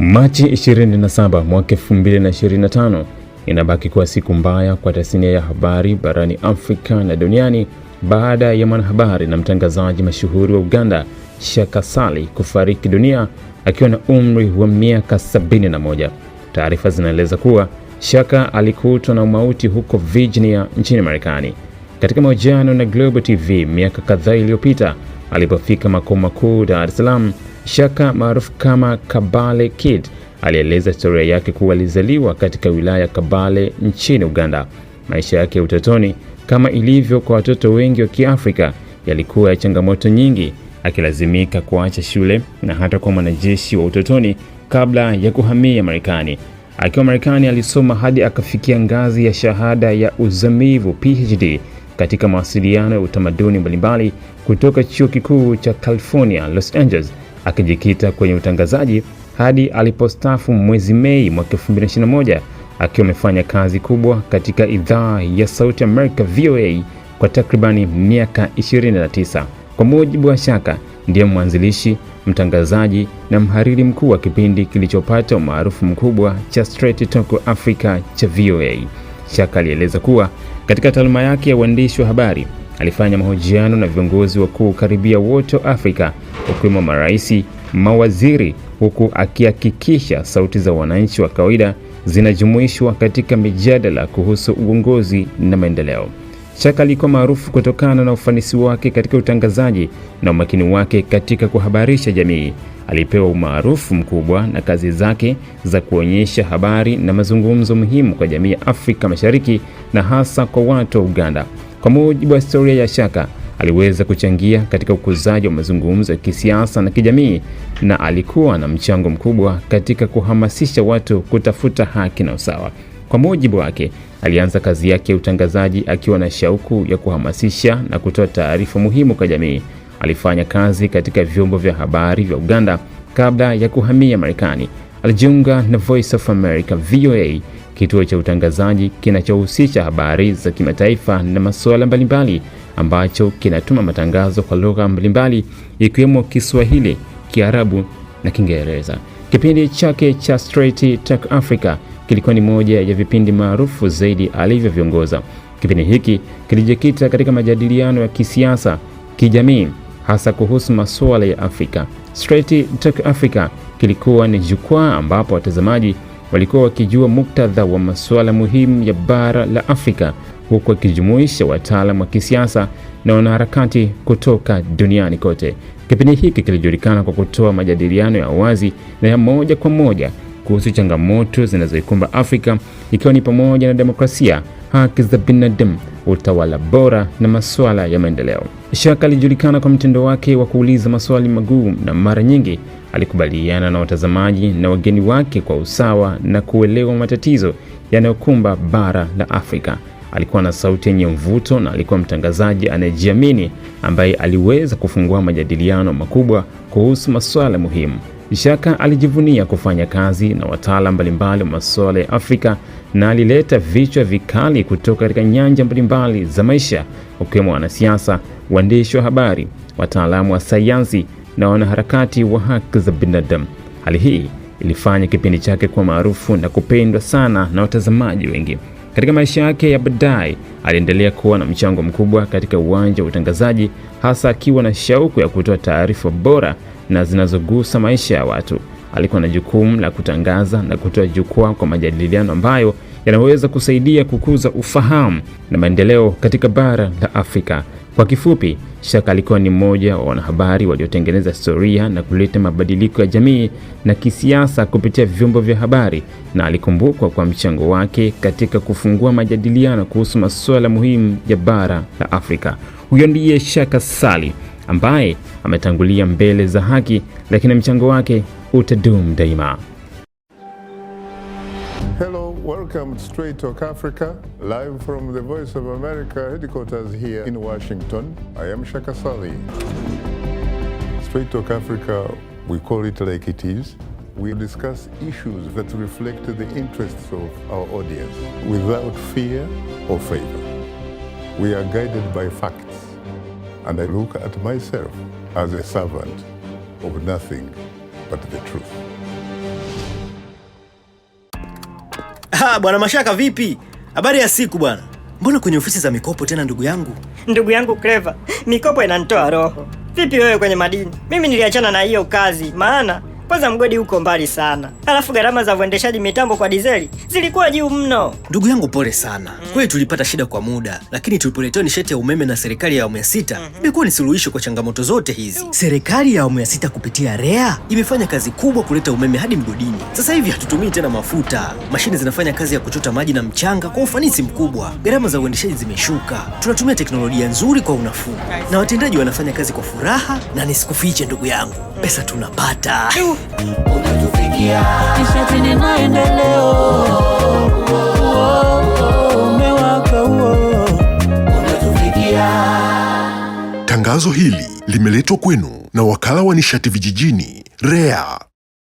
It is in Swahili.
Machi 27 mwaka 2025 inabaki kuwa siku mbaya kwa tasnia ya habari barani Afrika na duniani baada ya mwanahabari na mtangazaji mashuhuri wa Uganda, Shaka Ssali kufariki dunia akiwa na umri wa miaka 71. Taarifa zinaeleza kuwa Shaka alikutwa na mauti huko Virginia nchini Marekani. Katika mahojiano na Global TV miaka kadhaa iliyopita alipofika makao makuu Dar es Salaam Shaka maarufu kama Kabale Kid alieleza historia yake kuwa alizaliwa katika wilaya ya Kabale nchini Uganda. Maisha yake ya utotoni, kama ilivyo kwa watoto wengi wa Kiafrika, yalikuwa ya changamoto nyingi, akilazimika kuacha shule na hata kuwa mwanajeshi wa utotoni kabla ya kuhamia Marekani. Akiwa Marekani, alisoma hadi akafikia ngazi ya shahada ya uzamivu PhD katika mawasiliano ya utamaduni mbalimbali kutoka Chuo Kikuu cha California, Los Angeles akijikita kwenye utangazaji hadi alipostafu mwezi Mei mwaka 2021 akiwa amefanya kazi kubwa katika idhaa ya Sauti America VOA kwa takribani miaka 29. Kwa mujibu wa Shaka, ndiye mwanzilishi, mtangazaji na mhariri mkuu wa kipindi kilichopata umaarufu mkubwa cha Straight Talk Africa cha VOA. Shaka alieleza kuwa katika taaluma yake ya uandishi wa habari alifanya mahojiano na viongozi wakuu karibia wote wa Afrika wakiwemo marais, mawaziri, huku akihakikisha sauti za wananchi wa kawaida zinajumuishwa katika mijadala kuhusu uongozi na maendeleo. Chaka alikuwa maarufu kutokana na ufanisi wake katika utangazaji na umakini wake katika kuhabarisha jamii. Alipewa umaarufu mkubwa na kazi zake za kuonyesha habari na mazungumzo muhimu kwa jamii ya Afrika Mashariki na hasa kwa watu wa Uganda. Kwa mujibu wa historia ya Shaka, aliweza kuchangia katika ukuzaji wa mazungumzo ya kisiasa na kijamii na alikuwa na mchango mkubwa katika kuhamasisha watu kutafuta haki na usawa. Kwa mujibu wake, alianza kazi yake ya utangazaji akiwa na shauku ya kuhamasisha na kutoa taarifa muhimu kwa jamii. Alifanya kazi katika vyombo vya habari vya Uganda kabla ya kuhamia Marekani. Alijiunga na Voice of America VOA kituo cha utangazaji kinachohusisha habari za kimataifa na masuala mbalimbali, ambacho kinatuma matangazo kwa lugha mbalimbali ikiwemo Kiswahili, Kiarabu na Kiingereza. Kipindi chake cha Straight Talk Africa kilikuwa ni moja ya vipindi maarufu zaidi alivyoviongoza. Kipindi hiki kilijikita katika majadiliano ya kisiasa, kijamii, hasa kuhusu masuala ya Afrika. Straight Talk Africa kilikuwa ni jukwaa ambapo watazamaji walikuwa wakijua muktadha wa masuala muhimu ya bara la Afrika huku wakijumuisha wataalam wa kisiasa na wanaharakati kutoka duniani kote. Kipindi hiki kilijulikana kwa kutoa majadiliano ya wazi na ya moja kwa moja kuhusu changamoto zinazoikumba Afrika ikiwa ni pamoja na demokrasia haki za binadamu, utawala bora na masuala ya maendeleo. Shaka alijulikana kwa mtindo wake wa kuuliza maswali magumu na mara nyingi alikubaliana na watazamaji na wageni wake kwa usawa na kuelewa matatizo yanayokumba bara la Afrika. Alikuwa na sauti yenye mvuto na alikuwa mtangazaji anayejiamini ambaye aliweza kufungua majadiliano makubwa kuhusu masuala muhimu ishaka alijivunia kufanya kazi na wataalamu mbalimbali wa masuala ya Afrika na alileta vichwa vikali kutoka katika nyanja mbalimbali za maisha, wakiwemo wanasiasa, waandishi wa habari, wataalamu wa sayansi na wanaharakati wa haki za binadamu. Hali hii ilifanya kipindi chake kuwa maarufu na kupendwa sana na watazamaji wengi. Katika maisha yake ya baadaye aliendelea kuwa na mchango mkubwa katika uwanja wa utangazaji, hasa akiwa na shauku ya kutoa taarifa bora na zinazogusa maisha ya watu. Alikuwa na jukumu la kutangaza na kutoa jukwaa kwa majadiliano ambayo yanaweza kusaidia kukuza ufahamu na maendeleo katika bara la Afrika. Kwa kifupi, Shaka alikuwa ni mmoja wa wanahabari waliotengeneza historia na kuleta mabadiliko ya jamii na kisiasa kupitia vyombo vya habari na alikumbukwa kwa mchango wake katika kufungua majadiliano kuhusu masuala muhimu ya bara la Afrika. Huyo ndiye Shaka Sali ambaye ametangulia mbele za haki, lakini mchango wake utadumu daima. Welcome straight Talk Africa, live from the Voice of America headquarters here in Washington. I am Shaka Sali. Straight Talk Africa, we call it like it is. We discuss issues that reflect the interests of our audience without fear or favor. We are guided by facts, and I look at myself as a servant of nothing but the truth. bwana Mashaka vipi? Habari ya siku bwana. Mbona kwenye ofisi za mikopo tena ndugu yangu? Ndugu yangu Clever, mikopo inanitoa roho. Vipi wewe kwenye madini? Mimi niliachana na hiyo kazi maana kwanza mgodi uko mbali sana, halafu gharama za uendeshaji mitambo kwa dizeli zilikuwa juu mno. Ndugu yangu, pole sana mm. Kweli tulipata shida kwa muda, lakini tulipoletewa nishati ya umeme na serikali ya awamu ya sita mm -hmm. imekuwa ni suluhisho kwa changamoto zote hizi. Mm. Serikali ya awamu ya sita kupitia REA imefanya kazi kubwa kuleta umeme hadi mgodini. Sasa hivi hatutumii tena mafuta, mashine zinafanya kazi ya kuchota maji na mchanga kwa ufanisi mkubwa, gharama za uendeshaji zimeshuka, tunatumia teknolojia nzuri kwa unafuu, na watendaji wanafanya kazi kwa furaha, na nisikufiche ndugu yangu pesa tunapata unatufikia, kisha tena maendeleo Tangazo hili limeletwa kwenu na wakala wa nishati vijijini REA.